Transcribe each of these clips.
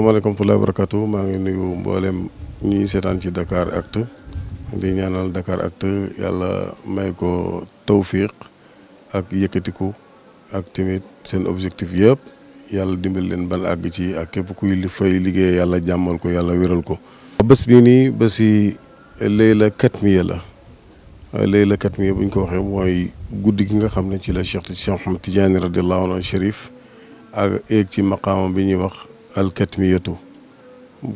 asalaamaaleykum wa rahmatulah maa ngi nuyu mboolem ñuy seetaan ci dakaar Actu di ñaanal Dakar Actu yàlla may ko tawfiq ak yëkkatiku ak tamit seen objectif yëpp yàlla dimbal leen ban àgg ci ak képp kuy li fay liggéey yàlla jàmmal ko yàlla wéral ko. bés bii nii bés yi Layla Katmiya la Layla Katmiya bu ko waxee mooy guddi gi nga xam ne ci la Cheikh Cheikh Mouhamed Tidiane radiyallahu anhu Chérif ak eeg ci maqaama bi ñuy wax. alkatmiyatu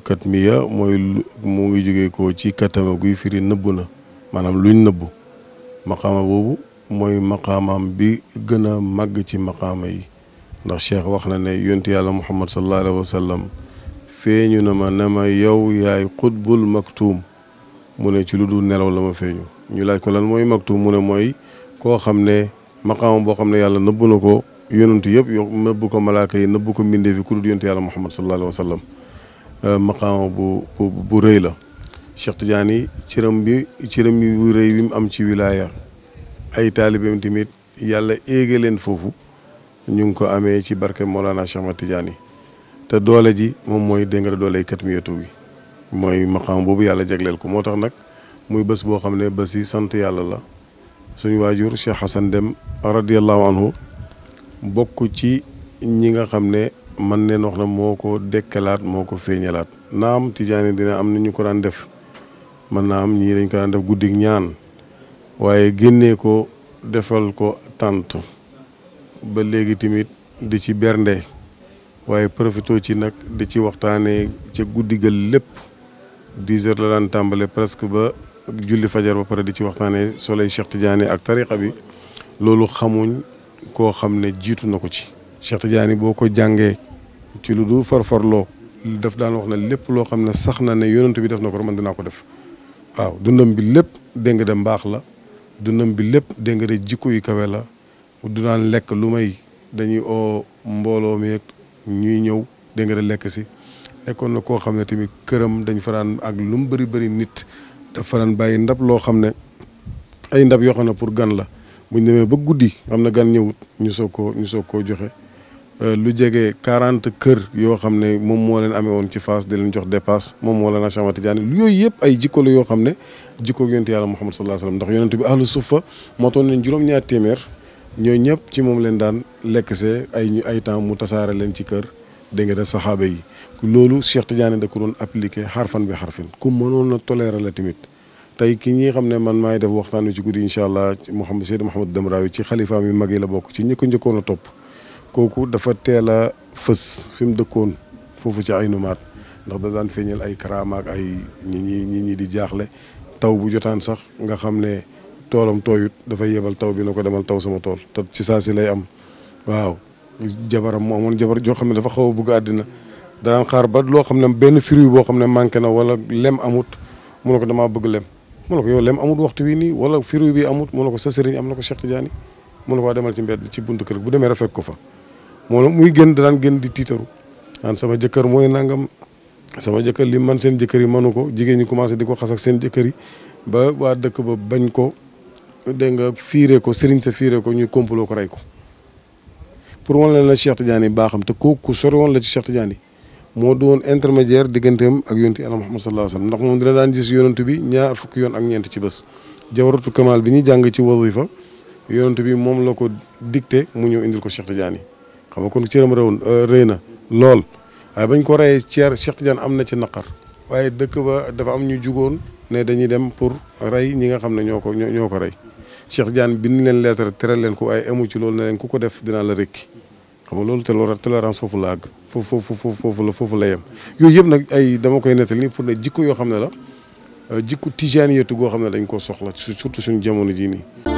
katmiya mooy mu ngi jóge ko ci katama guy firi nëbbu na maanaam luñ nëbbu maqaama boobu mooy maqaamaam bi gën a màgg ci maqaama yi ndax cheikh wax na ne yontu yàlla muhammad sallallahu alayhi wa feeñu na ma ne ma yow yaay xutbul maktuum mu ne ci lu dul nelaw la ma feeñu ñu laaj ko lan mooy maktuum mu ne mooy koo xam ne maqaama boo xam ne yàlla nëbbu ko yonent yëpp yo nëbbu ko malaaka yi nëbbu ko mbindee ku dul yonent yàlla muhammad sallallahu alayhi wa sallam euh, maqaama bu bu rëy la Cheikh Tidiane cëram bi cëram bu rëy bi mu am ci wilaya ay taalibeem tamit yàlla éege leen foofu ñu ngi ko amee ci barke Mawlana Cheikh Ahmad Tidiane yi te doole ji moom mooy dégg nga doole katmiyatu gi mooy maqaam boobu yàlla jagleel ko moo tax nag muy bés boo xam ne bés sant yàlla la suñu waajur Cheikh Hassan Deme radiyallahu anhu bokk ci ñi nga xam ne man neen wax na moo ko dekkalaat moo ko feeñelaat naam tijaani dina am na ñu ko daan def man naa am ñii dañ ko daan def guddik ñaan waaye génnee ko defal ko tànt ba léegi tamit di ci bernde waaye profité ci nag di ci waxtaanee ca guddigal lépp dix heures la daan tàmbale presque ba julli fajar ba pare di ci waxtaanee soley Cheikh Tidiane ak tariqa bi loolu xamuñ koo xam ne jiitu na ko ci. Cheikh Tidiane boo ko jàngee ci lu dul farfarloo daf daan wax ne lépp loo xam ne sax na ne yonent bi def na ko man dinaa ko def waaw dundam bi lépp dégg nga de la dundam bi lépp dégg jikko yu kawe la du daan lekk lu may dañuy oo mbooloo mi ñuy ñëw dégg de lekk si. nekkoon na koo xam ne tamit këram dañ faraan ak lu mu bëri bëri nit daf faraan bàyyi ndab loo xam ne ay ndab yoo xam ne pour gan la bu ñu demee ba guddi am na gan ñëwut ñu soo koo ñu soo koo joxe euh, lu jege quarante kër yoo xam ne moom moo leen amee woon ci Fass di leen jox dépasse moom moo leen Cheikh Tidiane yooyu yëpp ay jikko la yoo xam ne jikko yonent yàlla Muhammad sallallahu alayhi wasallam ndax yonent bi ahlu suffa moo toon leen juróom-ñaar téeméer ñëpp ci moom leen daan lekk see ay ñu ay temps mu tasaare leen ci kër dégg nga da saxaaba yi loolu Cheikh Tidiane da ko doon appliqué xarfan bi xarfin ku mënoon a toléré la tey ki ñi xam ne man maay def waxtaan wi ci guddi incha allah Mouhamed Seydou Mouhamed Damraoui ci xalifaam yu mag yi la bokk ci ñi ko njëkkoon a topp kooku dafa teel a fës fi mu dëkkoon foofu ci ay numaat ndax da daan feeñal ay karaama ay ñi ñi ñi ñi di jaaxle taw bu jotaan sax nga xam ne toolam tooyut dafay yebal taw bi na ko demal taw sama tool te ci saa si lay am waaw jabaram mu amoon jabar joo xam ne dafa xaw a bëgg àddina daan xaar ba loo xam ne benn fruit boo xam ne manqué na wala lem amut mu ko damaa bëgg lem mu ne ko yow lem amut waxtu wi nii wala firu bi amut mu ne ko sa sëriñ am na ko Cheikh Tidiane mu ne ko waa demal ci mbedd ci buntu kër bu demee rek fekk ko fa moo muy gën daan gën di tiitaru naan sama jëkkër mooy nangam sama jëkkër li man seen jëkkër yi mënu ko jigéen ñi commencé di ko xas ak seen jëkkër yi ba waa dëkk ba bañ ko dégg nga fiiree ko sëriñ sa fiiree ko ñu kompaloo ko rey ko pour wan leen la Cheikh Tidiane baaxam te kooku sori woon la ci Cheikh Tidiane moo doon intermédiaire digganteem ak yonent Yàlla Muhammad sallallahu alayhi wasallam ndax moom dina daan gis yonent bi ñaar fukki yoon ak ñeent ci bés jawaratul kamal bi ñuy jàng ci wazifa yonent bi moom la ko dicté mu ñëw indil ko Cheikh Tidiane xam nga kon cëram réew euh, rëy na lool waaye ko reyee ceer Cheikh Tidiane am na ci naqar waaye dëkk ba dafa am ñu jugoon ne dañuy dem pour rey ñi nga xam ne ñoo ko ñoo ko rey Cheikh Tidiane bind leen lettre tere leen ko waaye emu ci lool ne leen ku ko def dinaa la rëkki xam nga loolu te foofu la àgg foofu foofu foofu la foofu la yem yooyu yëpp nag ay dama koy nettali pour ne jikko yoo xam ne la euh, jikko tijaaniyatu goo xam ne dañ koo soxla surtout suñu jamono jii nii.